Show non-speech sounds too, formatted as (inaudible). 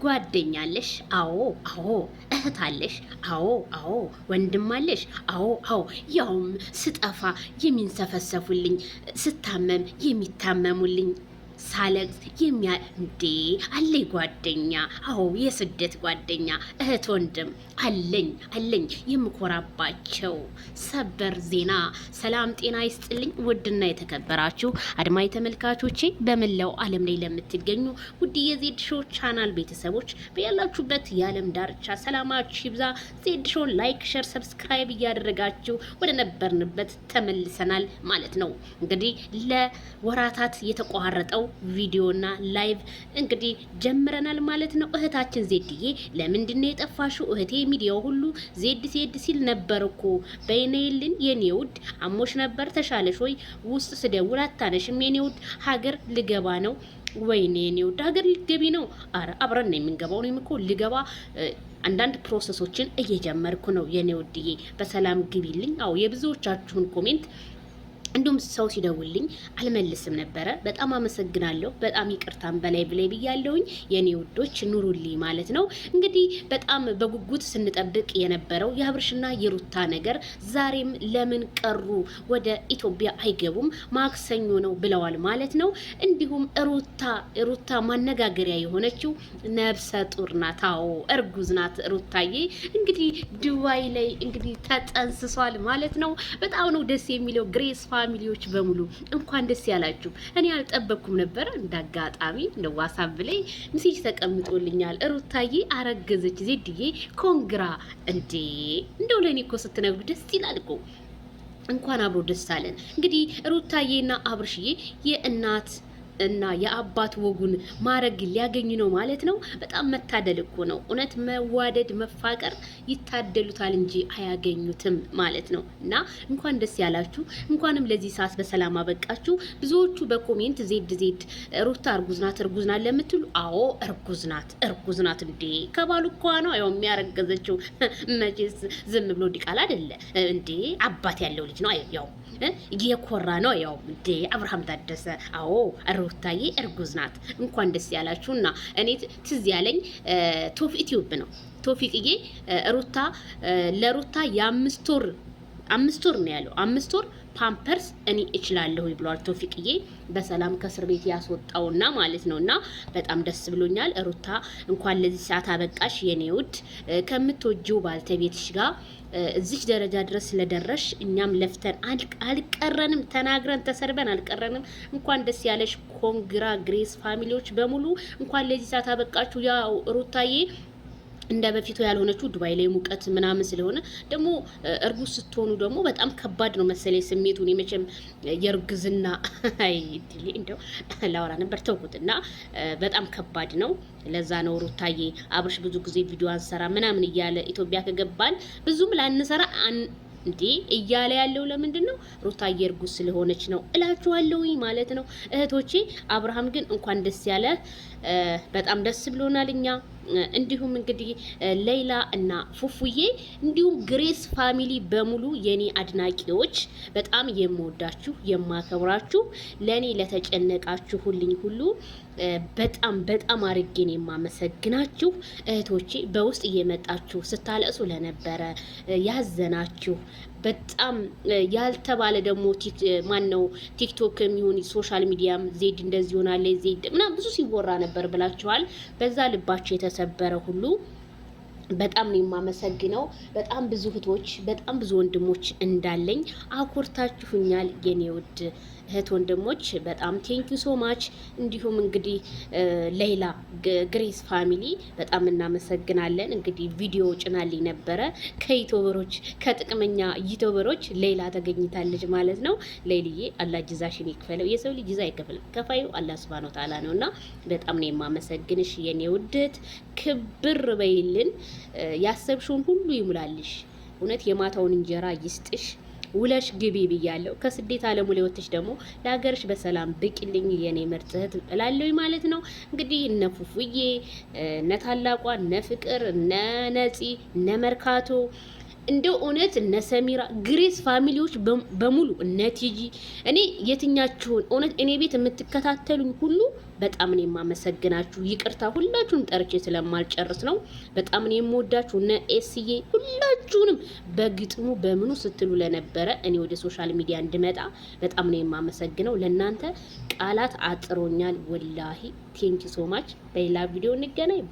ጓደኛለሽ? አዎ አዎ። እህታለሽ? አዎ አዎ። ወንድማለሽ? አዎ አዎ። ያውም ስጠፋ የሚንሰፈሰፉልኝ፣ ስታመም የሚታመሙልኝ ሳለቅስ የሚያ እንዴ አለኝ ጓደኛ፣ አዎ የስደት ጓደኛ እህት ወንድም አለኝ አለኝ የምኮራባቸው ሰበር ዜና። ሰላም ጤና ይስጥልኝ ውድና የተከበራችሁ አድማጭ ተመልካቾቼ በመላው ዓለም ላይ ለምትገኙ ውድ የዜድ ቻናል ቤተሰቦች በያላችሁበት የዓለም ዳርቻ ሰላማችሁ ይብዛ። ዜድ ላይክ፣ ሸር፣ ሰብስክራይብ እያደረጋችሁ ወደ ነበርንበት ተመልሰናል ማለት ነው። እንግዲህ ለወራታት የተቋረጠው ቪዲዮና ላይቭ እንግዲህ ጀምረናል ማለት ነው። እህታችን ዜድዬ ለምንድን ነው የጠፋሽው? እህቴ ሚዲያው ሁሉ ዜድ ዜድ ሲል ነበር እኮ በይነይልን የኔ ውድ አሞሽ ነበር ተሻለሽ ወይ? ውስጥ ስደውል አታነሽም የኔ ውድ ሀገር ልገባ ነው ወይኔ የኔ ውድ ሀገር ልገቢ ነው። አረ አብረን ነው የምንገባው። እኔም እኮ ልገባ አንዳንድ ፕሮሰሶችን እየጀመርኩ ነው የኔ ውድዬ። በሰላም ግቢልኝ። አዎ የብዙዎቻችሁን ኮሜንት እንዲሁም ሰው ሲደውልኝ አልመልስም ነበረ። በጣም አመሰግናለሁ። በጣም ይቅርታን በላይ ብላይ ብያለሁኝ። የእኔ ውዶች ኑሩልኝ ማለት ነው። እንግዲህ በጣም በጉጉት ስንጠብቅ የነበረው የአብርሽና የሩታ ነገር ዛሬም ለምን ቀሩ ወደ ኢትዮጵያ አይገቡም ማክሰኞ ነው ብለዋል ማለት ነው። እንዲሁም ሩታ ሩታ ማነጋገሪያ የሆነችው ነብሰ ጡር ናት። አዎ እርጉዝ ናት ሩታዬ። እንግዲህ ድዋይ ላይ እንግዲህ ተጠንስሷል ማለት ነው። በጣም ነው ደስ የሚለው ግሬስ ፋሚሊዎች በሙሉ እንኳን ደስ ያላችሁ። እኔ አልጠበቅኩም ነበረ። እንደ አጋጣሚ እንደ ዋሳብ ላይ ምስጅ ተቀምጦልኛል። ሩታዬ አረገዘች፣ ዜድዬ ኮንግራ። እንዴ እንደው ለእኔ እኮ ስትነግሩ ደስ ይላል እኮ እንኳን አብሮ ደስ አለን። እንግዲህ ሩታዬና አብርሽዬ የእናት እና የአባት ወጉን ማድረግ ሊያገኝ ነው ማለት ነው። በጣም መታደል እኮ ነው እውነት። መዋደድ መፋቀር ይታደሉታል እንጂ አያገኙትም ማለት ነው። እና እንኳን ደስ ያላችሁ፣ እንኳንም ለዚህ ሰዓት በሰላም አበቃችሁ። ብዙዎቹ በኮሜንት ዜድ ዜድ ሩታ እርጉዝናት እርጉዝናት ለምትሉ አዎ እርጉዝናት እርጉዝናት እንዴ ከባሉ እኳ ነው ያው የሚያረገዘችው (laughs) መቼስ ዝም ብሎ ዲቃላ አደለ እንዴ አባት ያለው ልጅ ነው ያው የኮራ ነው ያው እንዴ አብርሃም ታደሰ አዎ ሩታዬ እርጉዝ ናት። እንኳን ደስ ያላችሁና እኔ ትዝ ያለኝ ቶፊት ዩብ ነው። ቶፊቅዬ ሩታ ለሩታ የአምስት ወር አምስት ወር ነው ያለው። አምስት ወር ፓምፐርስ እኔ እችላለሁ ብሏል ቶፊቅዬ። በሰላም ከእስር ቤት ያስወጣውና ማለት ነው። እና በጣም ደስ ብሎኛል። ሩታ እንኳን ለዚህ ሰዓት አበቃሽ የኔ ውድ። ከምትወጂው ባልተቤትሽ ጋር እዚች ደረጃ ድረስ ስለደረሽ እኛም ለፍተን አልቀረንም፣ ተናግረን ተሰርበን አልቀረንም። እንኳን ደስ ያለሽ ኮንግራ ግሬስ ፋሚሊዎች በሙሉ እንኳን ለዚህ ሰዓት አበቃችሁ። ያው ሩታዬ እንደ በፊቱ ያልሆነችው ዱባይ ላይ ሙቀት ምናምን ስለሆነ ደግሞ እርጉዝ ስትሆኑ ደግሞ በጣም ከባድ ነው መሰለኝ ስሜቱን የመቼም የእርግዝና (laughs) አይድሌ እንደው (laughs) ላወራ ነበር ተውኩት እና በጣም ከባድ ነው። ለዛ ነው ሩታዬ አብርሽ ብዙ ጊዜ ቪዲዮ አንሰራ ምናምን እያለ ኢትዮጵያ ከገባን ብዙም ላንሰራ እንዴ እያለ ያለው ለምንድን ነው? ሩታ እርጉዝ ስለሆነች ነው እላችኋለሁ ማለት ነው እህቶቼ። አብርሃም ግን እንኳን ደስ ያለ፣ በጣም ደስ ብሎናል እኛ እንዲሁም እንግዲህ ሌይላ እና ፉፉዬ እንዲሁም ግሬስ ፋሚሊ በሙሉ የኔ አድናቂዎች በጣም የምወዳችሁ የማከብራችሁ ለእኔ ለተጨነቃችሁልኝ ሁሉ በጣም በጣም አርጌን የማመሰግናችሁ እህቶቼ በውስጥ እየመጣችሁ ስታለቅሱ ለነበረ ያዘናችሁ በጣም ያልተባለ ደግሞ ማን ነው ቲክቶክ የሚሆን ሶሻል ሚዲያም ዜድ እንደዚህ ሆናለ ዜድ ምናምን ብዙ ሲወራ ነበር ብላችኋል። በዛ ልባችሁ የተሰ እንደተሰበረ ሁሉ በጣም ነው የማመሰግነው። በጣም ብዙ እህቶች በጣም ብዙ ወንድሞች እንዳለኝ አኩርታችሁኛል። የኔ ውድ እህት ወንድሞች በጣም ቴንኪ ሶ ማች። እንዲሁም እንግዲህ ሌላ ግሬስ ፋሚሊ በጣም እናመሰግናለን። እንግዲህ ቪዲዮ ጭናልኝ ነበረ ከዩቱበሮች ከጥቅመኛ ዩቱበሮች ሌላ ተገኝታለች ማለት ነው። ሌልዬ አላ ጅዛሽን ይክፈለው። የሰው ልጅ ይዛ አይከፍልም፣ ከፋዩ አላ ሱብሃነሁ ወተዓላ ነው እና በጣም ነው የማመሰግንሽ የኔ ውድት ክብር በይልን። ያሰብሽውን ሁሉ ይሙላልሽ። እውነት የማታውን እንጀራ ይስጥሽ። ውለሽ ግቢ ብያለሁ። ከስደት ዓለሙ ላይ ወጥተሽ ደግሞ ለሀገርሽ በሰላም ብቅልኝ የኔ ምርጥ እህት እላለሁ ማለት ነው። እንግዲህ እነ ፉፉዬ እነ ታላቋ እነ ፍቅር እነ ነፂ እነ መርካቶ እንደ እውነት እነ ሰሚራ ግሬስ ፋሚሊዎች በሙሉ እነ ቲጂ እኔ የትኛችሁን እውነት እኔ ቤት የምትከታተሉኝ ሁሉ በጣም ነው የማመሰግናችሁ። ይቅርታ ሁላችሁን ጠርቼ ስለማልጨርስ ነው። በጣም ነው የምወዳችሁ። እነ ኤስዬ ሁላችሁንም በግጥሙ በምኑ ስትሉ ለነበረ እኔ ወደ ሶሻል ሚዲያ እንድመጣ በጣም ነው የማመሰግነው። ለእናንተ ቃላት አጥሮኛል። ወላሂ ቴንኪ ሶማች። በሌላ ቪዲዮ እንገናኝ።